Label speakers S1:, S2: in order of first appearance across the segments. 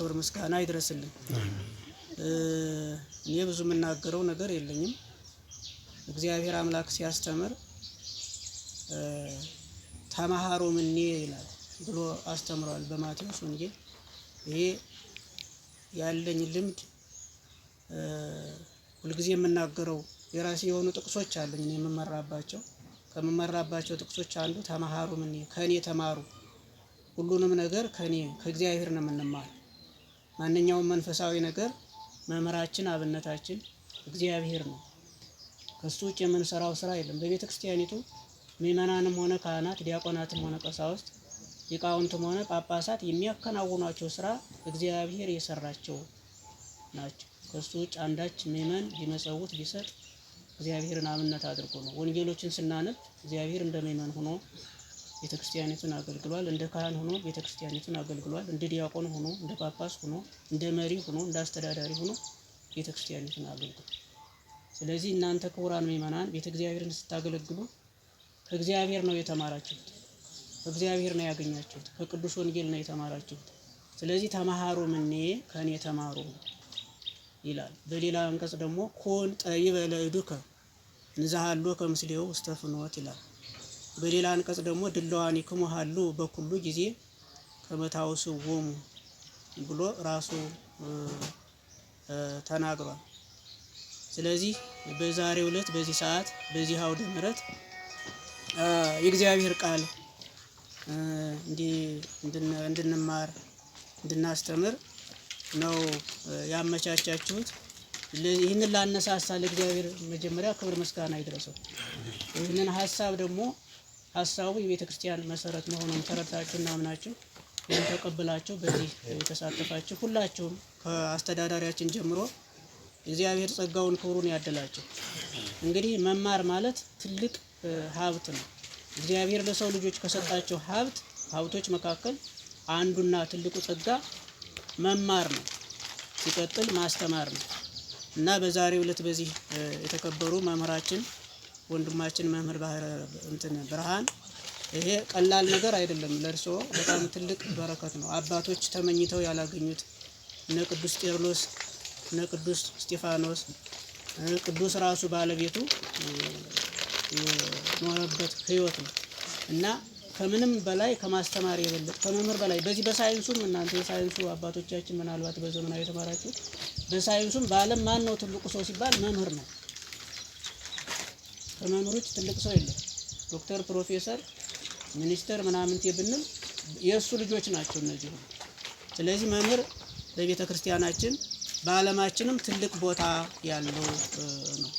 S1: ክብር ምስጋና ይድረስልኝ። እኔ ብዙ የምናገረው ነገር የለኝም። እግዚአብሔር አምላክ ሲያስተምር ተማሃሮ ምን ይላል ብሎ አስተምሯል በማቴዎስ ወንጌል። ይሄ ያለኝ ልምድ ሁልጊዜ የምናገረው የራሴ የሆኑ ጥቅሶች አሉኝ የምመራባቸው። ከምመራባቸው ጥቅሶች አንዱ ተማሃሩ ምን ከእኔ ተማሩ፣ ሁሉንም ነገር ከእኔ ከእግዚአብሔር ነው የምንማር ማንኛውም መንፈሳዊ ነገር መምህራችን አብነታችን እግዚአብሔር ነው። ከሱ ውጭ የምንሰራው ስራ የለም። በቤተ ክርስቲያኒቱ ምእመናንም ሆነ ካህናት፣ ዲያቆናትም ሆነ ቀሳውስት፣ ሊቃውንትም ሆነ ጳጳሳት የሚያከናውኗቸው ስራ እግዚአብሔር የሰራቸው ናቸው። ከሱ ውጭ አንዳች ምእመን ሊመጸውት ቢሰጥ እግዚአብሔርን አብነት አድርጎ ነው። ወንጌሎችን ስናነብ እግዚአብሔር እንደ ምእመን ሆኖ ቤተ ክርስቲያኒቱን አገልግሏል። እንደ ካህን ሆኖ ቤተ ክርስቲያኒቱን አገልግሏል። እንደ ዲያቆን ሆኖ፣ እንደ ጳጳስ ሆኖ፣ እንደ መሪ ሆኖ፣ እንደ አስተዳዳሪ ሆኖ ቤተ ክርስቲያኒቱን አገልግሏል። ስለዚህ እናንተ ክቡራን ምእመናን ቤተ እግዚአብሔርን ስታገለግሉ ከእግዚአብሔር ነው የተማራችሁት፣ ከእግዚአብሔር ነው ያገኛችሁት፣ ከቅዱስ ወንጌል ነው የተማራችሁት። ስለዚህ ተማሃሩ ምኔ ከእኔ ተማሩ ይላል። በሌላ አንቀጽ ደግሞ ኮን ጠይበ ለእዱከ ንዛሃሎ ከምስሌው ውስተ ፍኖት ይላል። በሌላ አንቀጽ ደግሞ ድለዋን ሀሉ በኩሉ ጊዜ ከመታውስ ወሙ ብሎ ራሱ ተናግሯል። ስለዚህ በዛሬ ዕለት በዚህ ሰዓት በዚህ አውደ ምረት የእግዚአብሔር ቃል እንድንማር እንድናስተምር ነው ያመቻቻችሁት። ይህንን ላነሳሳ ለእግዚአብሔር መጀመሪያ ክብር ምስጋና ይድረሰው። ይህንን ሀሳብ ደግሞ ሀሳቡ የቤተ ክርስቲያን መሰረት መሆኑን ተረድታችሁ እናምናችሁ ይህን ተቀብላችሁ በዚህ የተሳተፋችሁ ሁላችሁም ከአስተዳዳሪያችን ጀምሮ እግዚአብሔር ጸጋውን ክብሩን ያደላችሁ። እንግዲህ መማር ማለት ትልቅ ሀብት ነው። እግዚአብሔር ለሰው ልጆች ከሰጣቸው ሀብት ሀብቶች መካከል አንዱና ትልቁ ጸጋ መማር ነው። ሲቀጥል ማስተማር ነው እና በዛሬው ዕለት በዚህ የተከበሩ መምህራችን ወንድማችን መምህር ባህረ እንትን ብርሃን ይሄ ቀላል ነገር አይደለም። ለእርስዎ በጣም ትልቅ በረከት ነው። አባቶች ተመኝተው ያላገኙት እነ ቅዱስ ጤርሎስ እነ ቅዱስ እስጢፋኖስ ቅዱስ ራሱ ባለቤቱ የኖረበት ህይወት ነው እና ከምንም በላይ ከማስተማር የበለጠ ከመምህር በላይ በዚህ በሳይንሱም እናንተ የሳይንሱ አባቶቻችን ምናልባት በዘመናዊ የተማራችሁ በሳይንሱም በዓለም ማን ነው ትልቁ ሰው ሲባል መምህር ነው። ከመምህር ውጭ ትልቅ ሰው የለም። ዶክተር፣ ፕሮፌሰር፣ ሚኒስተር ምናምንቴ ብንል የእሱ ልጆች ናቸው እነዚህ። ስለዚህ መምህር በቤተ ክርስቲያናችን በዓለማችንም ትልቅ ቦታ ያለው ነው።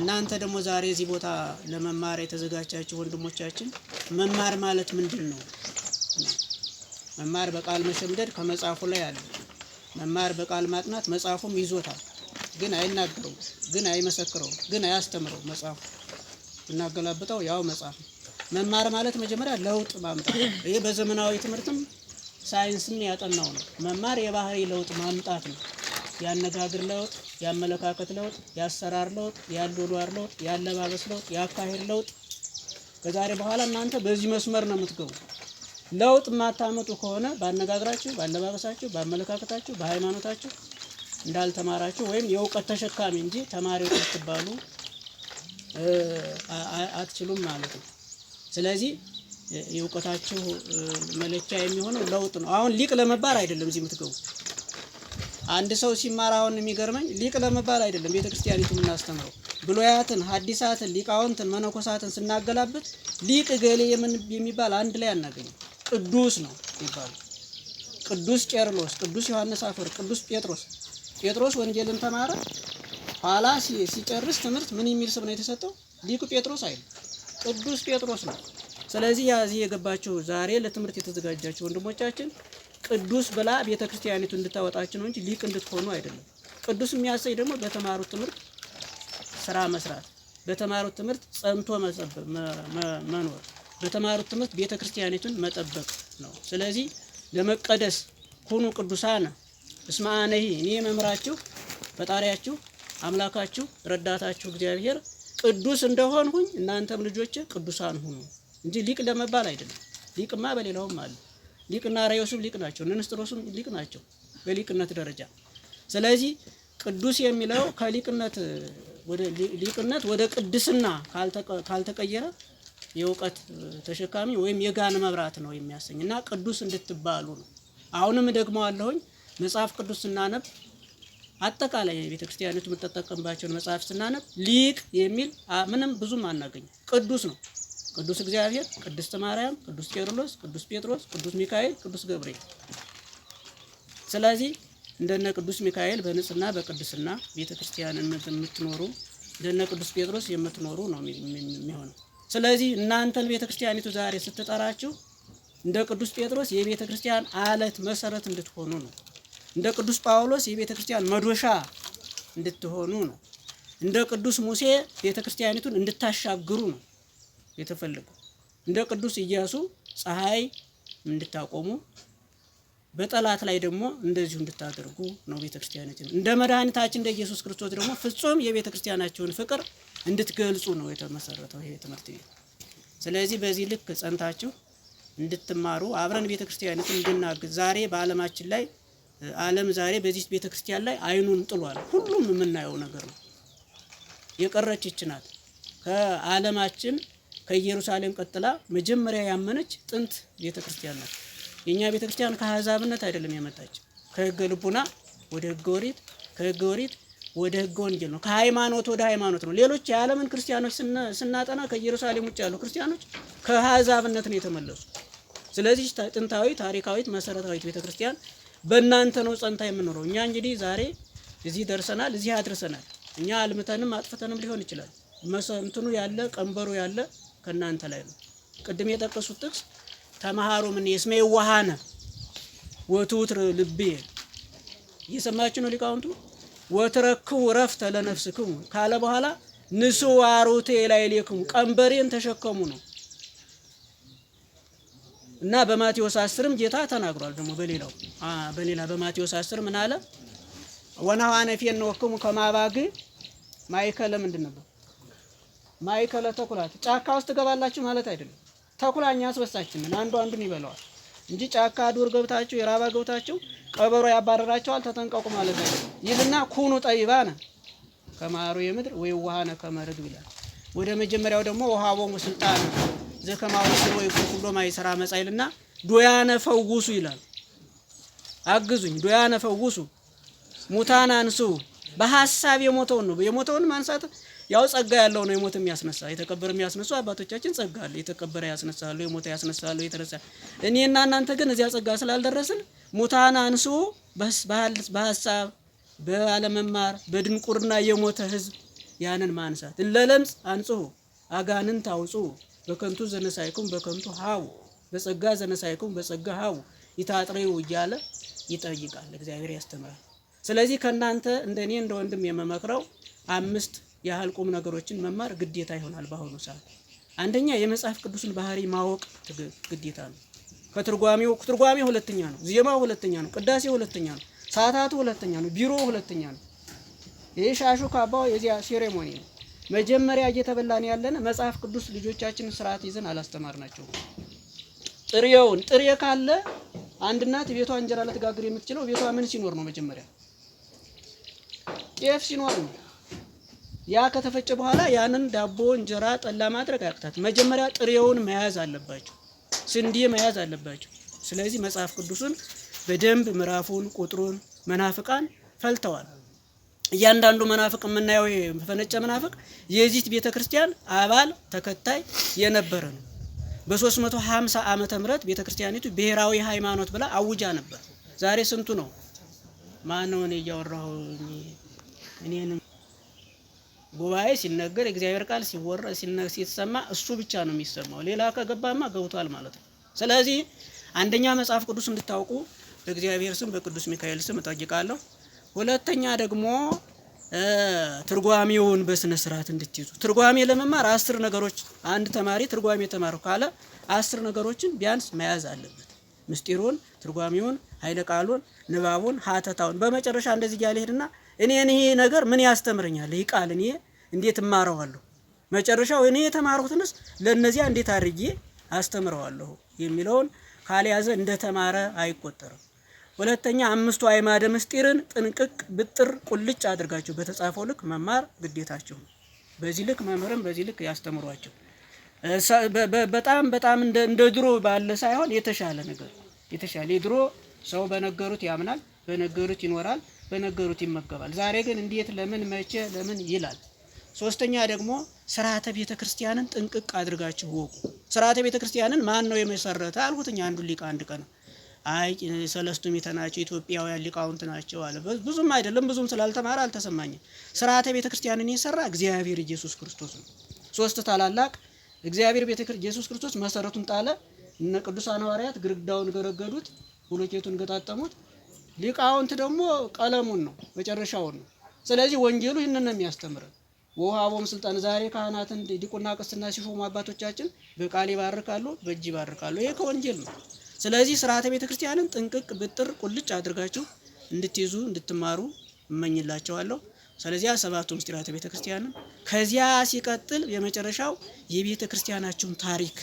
S1: እናንተ ደግሞ ዛሬ እዚህ ቦታ ለመማር የተዘጋጃችሁ ወንድሞቻችን መማር ማለት ምንድን ነው? መማር በቃል መሸምደድ ከመጽሐፉ ላይ አለ። መማር በቃል ማጥናት መጽሐፉም ይዞታል፣ ግን አይናገረውም፣ ግን አይመሰክረውም፣ ግን አያስተምረው መጽሐፉ እናገላብጠው ያው መጽሐፍ መማር ማለት መጀመሪያ ለውጥ ማምጣት ነው። ይህ በዘመናዊ ትምህርትም ሳይንስም ያጠናው ነው። መማር የባህሪ ለውጥ ማምጣት ነው። የአነጋገር ለውጥ፣ የአመለካከት ለውጥ፣ የአሰራር ለውጥ፣ የአኗኗር ለውጥ፣ የአለባበስ ለውጥ፣ የአካሄድ ለውጥ። ከዛሬ በኋላ እናንተ በዚህ መስመር ነው የምትገቡ። ለውጥ የማታመጡ ከሆነ በአነጋገራችሁ፣ በአለባበሳችሁ፣ በአመለካከታችሁ፣ በሃይማኖታችሁ እንዳልተማራችሁ ወይም የእውቀት ተሸካሚ እንጂ ተማሪ ትባሉ አትችሉም ማለት ነው። ስለዚህ የእውቀታችሁ መለኪያ የሚሆነው ለውጥ ነው። አሁን ሊቅ ለመባል አይደለም እዚህ የምትገቡ። አንድ ሰው ሲማር አሁን የሚገርመኝ ሊቅ ለመባል አይደለም ቤተ ክርስቲያኒቱ የምናስተምረው ብሉያትን፣ ሐዲሳትን፣ ሊቃውንትን፣ መነኮሳትን ስናገላብት ሊቅ ገሌ የሚባል አንድ ላይ አናገኝም። ቅዱስ ነው ይባሉ ቅዱስ ቄርሎስ፣ ቅዱስ ዮሐንስ አፈር ቅዱስ ጴጥሮስ ጴጥሮስ ወንጌልን ተማረ። ኋላ ሲጨርስ ትምህርት ምን የሚል ስም ነው የተሰጠው? ሊቁ ጴጥሮስ አይል ቅዱስ ጴጥሮስ ነው። ስለዚህ ያዚህ የገባችሁ ዛሬ ለትምህርት የተዘጋጃችሁ ወንድሞቻችን ቅዱስ ብላ ቤተ ክርስቲያኒቱ እንድታወጣችሁ ነው እንጂ ሊቅ እንድትሆኑ አይደለም። ቅዱስ የሚያሰኝ ደግሞ በተማሩት ትምህርት ስራ መስራት፣ በተማሩት ትምህርት ጸንቶ መኖር፣ በተማሩት ትምህርት ቤተ ክርስቲያኒቱን መጠበቅ ነው። ስለዚህ ለመቀደስ ሁኑ ቅዱሳን እስመ አነሂ እኔ መምራችሁ ፈጣሪያችሁ አምላካችሁ ረዳታችሁ እግዚአብሔር ቅዱስ እንደሆንሁኝ እናንተም ልጆች ቅዱሳን ሁኑ እንጂ ሊቅ ለመባል አይደለም። ሊቅማ በሌላውም አሉ። ሊቅና አርዮስም ሊቅ ናቸው፣ ንንስጥሮስም ሊቅ ናቸው በሊቅነት ደረጃ። ስለዚህ ቅዱስ የሚለው ከሊቅነት ወደ ሊቅነት ወደ ቅድስና ካልተቀየረ የእውቀት ተሸካሚ ወይም የጋን መብራት ነው የሚያሰኝ እና ቅዱስ እንድትባሉ ነው። አሁንም ደግሞ አለሁኝ መጽሐፍ ቅዱስ ስናነብ አጠቃላይ ቤተ ክርስቲያኒቱ የምትጠቀምባቸውን መጽሐፍ ስናነብ ሊቅ የሚል ምንም ብዙም አናገኝ። ቅዱስ ነው። ቅዱስ እግዚአብሔር፣ ቅድስት ማርያም፣ ቅዱስ ቄርሎስ፣ ቅዱስ ጴጥሮስ፣ ቅዱስ ሚካኤል፣ ቅዱስ ገብርኤል። ስለዚህ እንደነ ቅዱስ ሚካኤል በንጽህና በቅድስና ቤተ ክርስቲያንን የምትኖሩ እንደነ ቅዱስ ጴጥሮስ የምትኖሩ ነው የሚሆነው። ስለዚህ እናንተን ቤተ ክርስቲያኒቱ ዛሬ ስትጠራችሁ እንደ ቅዱስ ጴጥሮስ የቤተ ክርስቲያን አለት መሰረት እንድትሆኑ ነው። እንደ ቅዱስ ጳውሎስ የቤተ ክርስቲያን መዶሻ እንድትሆኑ ነው። እንደ ቅዱስ ሙሴ ቤተ ክርስቲያኒቱን እንድታሻግሩ ነው የተፈለገው። እንደ ቅዱስ ኢያሱ ፀሐይ እንድታቆሙ በጠላት ላይ ደግሞ እንደዚሁ እንድታደርጉ ነው ቤተ ክርስቲያኒቱን። እንደ መድኃኒታችን እንደ ኢየሱስ ክርስቶስ ደግሞ ፍጹም የቤተ ክርስቲያናችሁን ፍቅር እንድትገልጹ ነው የተመሰረተው ይሄ ትምህርት ቤት። ስለዚህ በዚህ ልክ ጸንታችሁ እንድትማሩ አብረን ቤተ ክርስቲያኒቱን እንድናግዝ ዛሬ በዓለማችን ላይ ዓለም ዛሬ በዚህ ቤተ ክርስቲያን ላይ አይኑን ጥሏል። ሁሉም የምናየው ነገር ነው። የቀረች ይች ናት። ከዓለማችን ከኢየሩሳሌም ቀጥላ መጀመሪያ ያመነች ጥንት ቤተ ክርስቲያን ናት። የእኛ ቤተ ክርስቲያን ከአሕዛብነት አይደለም የመጣች ከህገ ልቡና ወደ ህገ ወሪት፣ ከህገ ወሪት ወደ ህገ ወንጌል ነው። ከሃይማኖት ወደ ሃይማኖት ነው። ሌሎች የዓለምን ክርስቲያኖች ስናጠና ከኢየሩሳሌም ውጭ ያሉ ክርስቲያኖች ከአሕዛብነት ነው የተመለሱ። ስለዚህ ጥንታዊ ታሪካዊት መሰረታዊት ቤተ ክርስቲያን በእናንተ ነው ጸንታ የምኖረው። እኛ እንግዲህ ዛሬ እዚህ ደርሰናል፣ እዚህ አድርሰናል። እኛ አልምተንም አጥፍተንም ሊሆን ይችላል። መሰንትኑ ያለ ቀንበሩ ያለ ከእናንተ ላይ ነው። ቅድም የጠቀሱት ጥቅስ ተመሃሮ ምን የስሜ ውሃነ ወትውትር ልቤ እየሰማችሁ ነው ሊቃውንቱ ወትረክው ረፍተ ለነፍስክሙ ካለ በኋላ ንሱ አሩቴ ላይ ሌክሙ ቀንበሬን ተሸከሙ ነው። እና በማቴዎስ አስርም ጌታ ተናግሯል። ደግሞ በሌላው በሌላ በማቴዎስ አስር ምን አለ? ወናዋነ ፌንወክሙ ከማባግ ማይከለ ምንድን ነበር? ማይከለ ተኩላት። ጫካ ውስጥ ትገባላችሁ ማለት አይደለም። ተኩላኛ አስበሳችንን አንዱ አንዱን ይበላዋል እንጂ ጫካ ዱር ገብታችሁ የራባ ገብታችሁ ቀበሮ ያባረራችኋል። ተጠንቀቁ ማለት አይደለም። ይህና ኩኑ ጠይባነ ከማሩ የምድር ወይ ውሃነ ከመርግብ ይላል። ወደ መጀመሪያው ደግሞ ውሃቦሙ ስልጣን ወይ ይኩሎ ማይሰራ መጻይልና ዶያነ ፈውሱ ይላል። አግዙኝ ዶያነ ፈውሱ ሙታን አንሱ በሀሳብ የሞተውን ነው። የሞተውን ማንሳት ያው ጸጋ ያለው ነው። የሞት የሚያስነሳ የተቀበረ የሚያስነሱ አባቶቻችን ጸጋ አለ። የተቀበረ ያስነሳሉ፣ የሞተ ያስነሳሉ፣ የተረሳ እኔና እናንተ ግን እዚያ ጸጋ ስላልደረስን ሙታን አንሱ በሀሳብ በአለመማር በድንቁርና የሞተ ህዝብ ያንን ማንሳት ለለምጽ አንጽሁ አጋንን ታውጹ በከንቱ ዘነሳይኩም በከንቱ ሀው በጸጋ ዘነሳይኩም በጸጋ ሀቡ ይታጥሬው እያለ ይጠይቃል። እግዚአብሔር ያስተምራል። ስለዚህ ከእናንተ እንደኔ እንደ ወንድም የመመክረው አምስት ያህል ቁም ነገሮችን መማር ግዴታ ይሆናል በአሁኑ ሰዓት። አንደኛ የመጽሐፍ ቅዱስን ባህሪ ማወቅ ግዴታ ነው። ከትርጓሜው ትርጓሜው ሁለተኛ ነው፣ ዜማው ሁለተኛ ነው፣ ቅዳሴው ሁለተኛ ነው፣ ሰዓታቱ ሁለተኛ ነው፣ ቢሮው ሁለተኛ ነው። ይህ ሻሹ ካባው የዚያ ሴሬሞኒ ነው። መጀመሪያ እየተበላን ያለን መጽሐፍ ቅዱስ ልጆቻችን ስርዓት ይዘን አላስተማርናቸው። ጥሬውን ጥሬ ካለ አንድ እናት ቤቷ እንጀራ ልትጋግር የምትችለው ቤቷ ምን ሲኖር ነው? መጀመሪያ ጤፍ ሲኖር ነው። ያ ከተፈጨ በኋላ ያንን ዳቦ፣ እንጀራ፣ ጠላ ማድረግ አያቅታት። መጀመሪያ ጥሬውን መያዝ አለባቸው። ስንዴ መያዝ አለባቸው። ስለዚህ መጽሐፍ ቅዱስን በደንብ ምዕራፉን፣ ቁጥሩን መናፍቃን ፈልተዋል። እያንዳንዱ መናፍቅ የምናየው ፈነጨ መናፍቅ የዚት ቤተ ክርስቲያን አባል ተከታይ የነበረ ነው። በ350 ዓመተ ምህረት ቤተ ክርስቲያኒቱ ብሔራዊ ሃይማኖት ብላ አውጃ ነበር። ዛሬ ስንቱ ነው? ማን እኔ እያወራሁ እኔን ጉባኤ ሲነገር እግዚአብሔር ቃል ሲወራ ሲሰማ እሱ ብቻ ነው የሚሰማው። ሌላ ከገባማ ገብቷል ማለት ነው። ስለዚህ አንደኛ መጽሐፍ ቅዱስ እንድታውቁ በእግዚአብሔር ስም በቅዱስ ሚካኤል ስም እጠይቃለሁ። ሁለተኛ ደግሞ ትርጓሜውን በስነ ስርዓት እንድትይዙ። ትርጓሜ ለመማር አስር ነገሮች አንድ ተማሪ ትርጓሜ ተማር ካለ አስር ነገሮችን ቢያንስ መያዝ አለበት። ምስጢሩን፣ ትርጓሜውን፣ ኃይለ ቃሉን፣ ንባቡን፣ ሀተታውን በመጨረሻ እንደዚህ እያለ ሄድና እኔን ይሄ ነገር ምን ያስተምረኛል? ይህ ቃል እኔ እንዴት እማረዋለሁ? መጨረሻው እኔ የተማርኩትንስ ለእነዚያ እንዴት አድርጌ አስተምረዋለሁ የሚለውን ካልያዘ እንደተማረ አይቆጠርም። ሁለተኛ አምስቱ አይማደ ምስጢርን ጥንቅቅ ብጥር ቁልጭ አድርጋችሁ በተጻፈው ልክ መማር ግዴታችሁ ነው። በዚህ ልክ መምህርም በዚህ ልክ ያስተምሯቸው። በጣም በጣም እንደ ድሮ ባለ ሳይሆን የተሻለ ነገር የተሻለ የድሮ ሰው በነገሩት ያምናል፣ በነገሩት ይኖራል፣ በነገሩት ይመገባል። ዛሬ ግን እንዴት፣ ለምን፣ መቼ፣ ለምን ይላል። ሶስተኛ ደግሞ ስርዓተ ቤተ ክርስቲያንን ጥንቅቅ አድርጋችሁ ወቁ። ስርዓተ ቤተ ክርስቲያንን ማን ነው የመሰረተ አልሁትኛ አንዱ ሊቃ አንድ ቀን አይ ሰለስቱ ምዕተ ናቸው ኢትዮጵያውያን ሊቃውንት ናቸው አለ። ብዙም አይደለም ብዙም ስላልተማረ አልተሰማኝም። ስርዓተ ቤተ ክርስቲያንን የሰራ እግዚአብሔር ኢየሱስ ክርስቶስ ነው። ሶስት ታላላቅ እግዚአብሔር ቤተ ኢየሱስ ክርስቶስ መሰረቱን ጣለ። እነ ቅዱሳን ሐዋርያት ግርግዳውን ገረገዱት፣ ብሎኬቱን ገጣጠሙት። ሊቃውንት ደግሞ ቀለሙን ነው መጨረሻውን ነው። ስለዚህ ወንጌሉ ይህንን ነው የሚያስተምረን። ውሃቦም ስልጣን ዛሬ ካህናትን ዲቁና ቅስና ሲሾሙ አባቶቻችን በቃል ይባርካሉ፣ በእጅ ይባርካሉ። ይሄ ከወንጌል ነው። ስለዚህ ስርዓተ ቤተ ክርስቲያንን ጥንቅቅ ብጥር ቁልጭ አድርጋችሁ እንድትይዙ እንድትማሩ እመኝላቸዋለሁ። ስለዚያ ሰባቱ ምስጢራተ ቤተ ክርስቲያንን ከዚያ ሲቀጥል የመጨረሻው የቤተ ክርስቲያናችሁን ታሪክ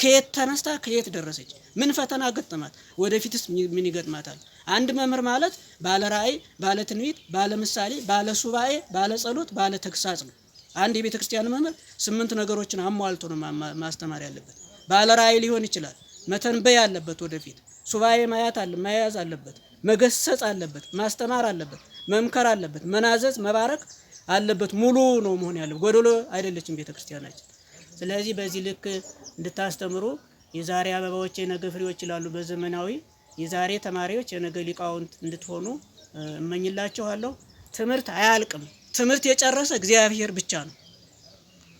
S1: ከየት ተነስታ ከየት ደረሰች? ምን ፈተና ገጠማት? ወደፊትስ ምን ይገጥማታል? አንድ መምህር ማለት ባለ ራእይ፣ ባለ ትንቢት፣ ባለ ምሳሌ፣ ባለ ሱባኤ፣ ባለ ጸሎት፣ ባለ ተግሳጽ ነው። አንድ የቤተ ክርስቲያን መምህር ስምንት ነገሮችን አሟልቶ ነው ማስተማር ያለበት። ባለ ራእይ ሊሆን ይችላል መተንበይ አለበት። ወደፊት ሱባኤ ማያት አለ መያዝ አለበት። መገሰጽ አለበት። ማስተማር አለበት። መምከር አለበት። መናዘዝ መባረክ አለበት። ሙሉ ነው መሆን ያለበት፣ ጎደሎ አይደለችም ቤተክርስቲያናችን። ስለዚህ በዚህ ልክ እንድታስተምሩ የዛሬ አበባዎች የነገ ፍሬዎች ይላሉ በዘመናዊ የዛሬ ተማሪዎች የነገ ሊቃውንት እንድትሆኑ እመኝላችኋለሁ። ትምህርት አያልቅም። ትምህርት የጨረሰ እግዚአብሔር ብቻ ነው።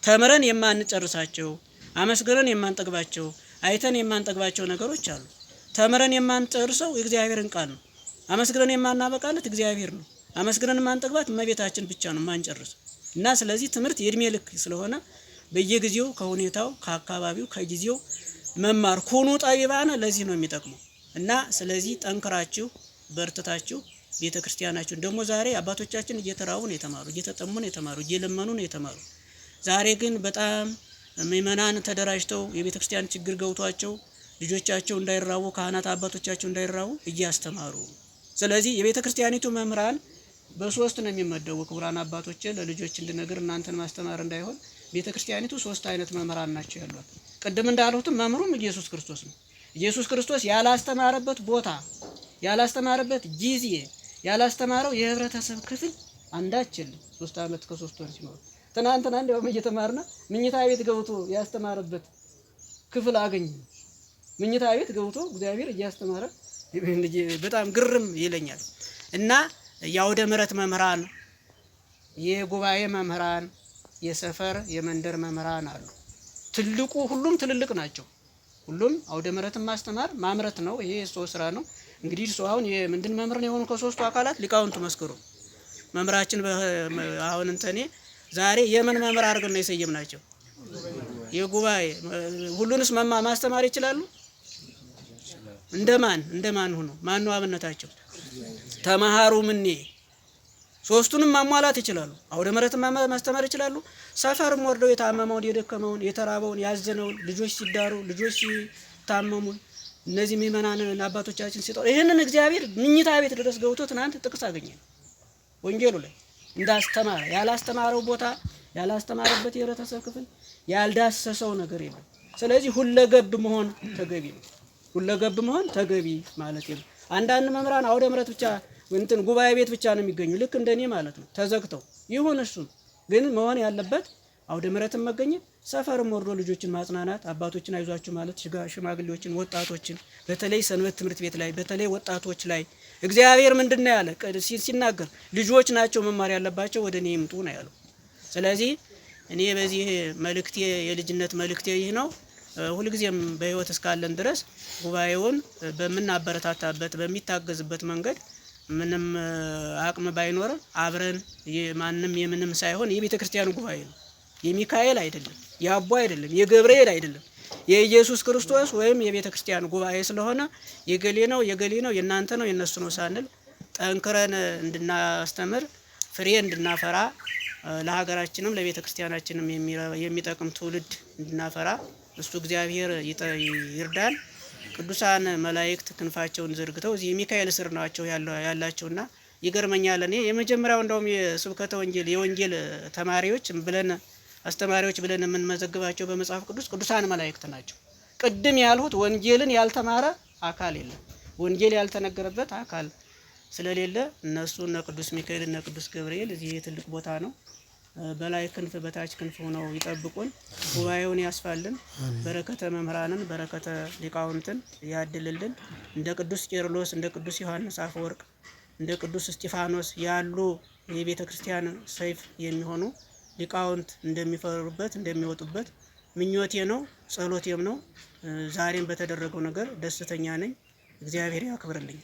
S1: ተምረን የማንጨርሳቸው አመስግነን የማንጠግባቸው አይተን የማንጠግባቸው ነገሮች አሉ። ተምረን የማንጨርሰው የእግዚአብሔርን ቃል ነው። አመስግነን የማናበቃለት እግዚአብሔር ነው። አመስግነን የማንጠግባት እመቤታችን ብቻ ነው የማንጨርሰው እና ስለዚህ ትምህርት የእድሜ ልክ ስለሆነ በየጊዜው ከሁኔታው ከአካባቢው ከጊዜው መማር ኩኑ ጠቢባነ ለዚህ ነው የሚጠቅመው እና ስለዚህ ጠንክራችሁ በርትታችሁ ቤተ ክርስቲያናችሁን ደግሞ ዛሬ አባቶቻችን እየተራቡ ነው የተማሩ፣ እየተጠሙ ነው የተማሩ፣ እየለመኑ ነው የተማሩ። ዛሬ ግን በጣም ምእመናን ተደራጅተው የቤተ ክርስቲያን ችግር ገብቷቸው ልጆቻቸው እንዳይራቡ ካህናት አባቶቻቸው እንዳይራቡ እያስተማሩ ስለዚህ የቤተ ክርስቲያኒቱ መምህራን በሶስት ነው የሚመደቡ። ክቡራን አባቶች ለልጆች እንድነግር እናንተን ማስተማር እንዳይሆን ቤተ ክርስቲያኒቱ ሶስት አይነት መምህራን ናቸው ያሏት። ቅድም እንዳልሁትም መምህሩም ኢየሱስ ክርስቶስ ነው። ኢየሱስ ክርስቶስ ያላስተማረበት ቦታ፣ ያላስተማረበት ጊዜ፣ ያላስተማረው የህብረተሰብ ክፍል አንዳችል ሶስት ዓመት ከሶስት ወር ሲኖሩ ትናንትና እንዲያውም እየተማርና ምኝታ ቤት ገብቶ ያስተማረበት ክፍል አገኘ። ምኝታ ቤት ገብቶ እግዚአብሔር እያስተማረ በጣም ግርም ይለኛል። እና የአውደ ምረት መምህራን፣ የጉባኤ መምህራን፣ የሰፈር የመንደር መምህራን አሉ። ትልቁ ሁሉም ትልልቅ ናቸው። ሁሉም አውደ ምሕረትን ማስተማር ማምረት ነው። ይሄ የሰው ስራ ነው። እንግዲህ እሱ አሁን የምንድን መምህር ነው የሆኑ ከሶስቱ አካላት ሊቃውንቱ መስክሩ መምህራችን አሁን እንተኔ ዛሬ የምን መምህር አድርገን ነው ናቸው። የጉባኤ ሁሉንስ መማ ማስተማር ይችላሉ? እንደማን እንደማን ሆኖ ማን ነው አብነታቸው? ተማሃሩ ምኔ ሶስቱንም ማሟላት ይችላሉ። አውደ ምሕረትን ማስተማር ይችላሉ። ሰፈርም ወርደው የታመመውን፣ የደከመውን፣ የተራበውን፣ ያዘነውን ልጆች ሲዳሩ፣ ልጆች ሲታመሙ እነዚህ ምእመናንን አባቶቻችን ሲጠሩ ይህንን እግዚአብሔር ምኝታ ቤት ድረስ ገብቶ ትናንት ጥቅስ አገኘ ነው ወንጌሉ ላይ እንዳስተማረ ያላስተማረው ቦታ ያላስተማረበት የህብረተሰብ ክፍል ያልዳሰሰው ነገር የለም። ስለዚህ ሁለገብ መሆን ተገቢ ነው። ሁለገብ መሆን ተገቢ ማለት ነው። አንዳንድ መምህራን አውደ ምረት ብቻ እንትን ጉባኤ ቤት ብቻ ነው የሚገኙ ልክ እንደኔ ማለት ነው ተዘግተው ይሁን እሱ ግን መሆን ያለበት አውደ ምረትን መገኘት ሰፈርም ወርዶ ልጆችን ማጽናናት፣ አባቶችን አይዟችሁ ማለት፣ ሽማግሌዎችን፣ ወጣቶችን በተለይ ሰንበት ትምህርት ቤት ላይ በተለይ ወጣቶች ላይ እግዚአብሔር ምንድን ነው ያለ ሲናገር ልጆች ናቸው መማር ያለባቸው ወደ እኔ ይምጡ ነው ያለው። ስለዚህ እኔ በዚህ መልእክቴ የልጅነት መልእክቴ ይህ ነው። ሁልጊዜም በህይወት እስካለን ድረስ ጉባኤውን በምናበረታታበት በሚታገዝበት መንገድ ምንም አቅም ባይኖርም አብረን ማንም የምንም ሳይሆን የቤተ ክርስቲያኑ ጉባኤ ነው የሚካኤል አይደለም፣ የአቦ አይደለም፣ የገብርኤል አይደለም የኢየሱስ ክርስቶስ ወይም የቤተ ክርስቲያን ጉባኤ ስለሆነ የገሌ ነው የገሌ ነው የእናንተ ነው የእነሱ ነው ሳንል ጠንክረን እንድናስተምር ፍሬ እንድናፈራ ለሀገራችንም ለቤተ ክርስቲያናችንም የሚጠቅም ትውልድ እንድናፈራ እሱ እግዚአብሔር ይርዳን። ቅዱሳን መላእክት ክንፋቸውን ዘርግተው እዚህ የሚካኤል ስር ናቸው ያላቸውና ይገርመኛል። እኔ የመጀመሪያው እንደውም የስብከተ ወንጌል የወንጌል ተማሪዎች ብለን አስተማሪዎች ብለን የምንመዘግባቸው በመጽሐፍ ቅዱስ ቅዱሳን መላእክት ናቸው። ቅድም ያልሁት ወንጌልን ያልተማረ አካል የለም። ወንጌል ያልተነገረበት አካል ስለሌለ እነሱ እነ ቅዱስ ሚካኤል እነ ቅዱስ ገብርኤል እዚህ ትልቅ ቦታ ነው። በላይ ክንፍ በታች ክንፍ ሆነው ይጠብቁን፣ ጉባኤውን ያስፋልን፣ በረከተ መምህራንን በረከተ ሊቃውንትን ያድልልን። እንደ ቅዱስ ቄርሎስ እንደ ቅዱስ ዮሐንስ አፈወርቅ እንደ ቅዱስ እስጢፋኖስ ያሉ የቤተ ክርስቲያን ሰይፍ የሚሆኑ ሊቃውንት እንደሚፈሩበት እንደሚወጡበት ምኞቴ ነው፣ ጸሎቴም ነው። ዛሬም በተደረገው ነገር ደስተኛ ነኝ። እግዚአብሔር ያክብርልኝ።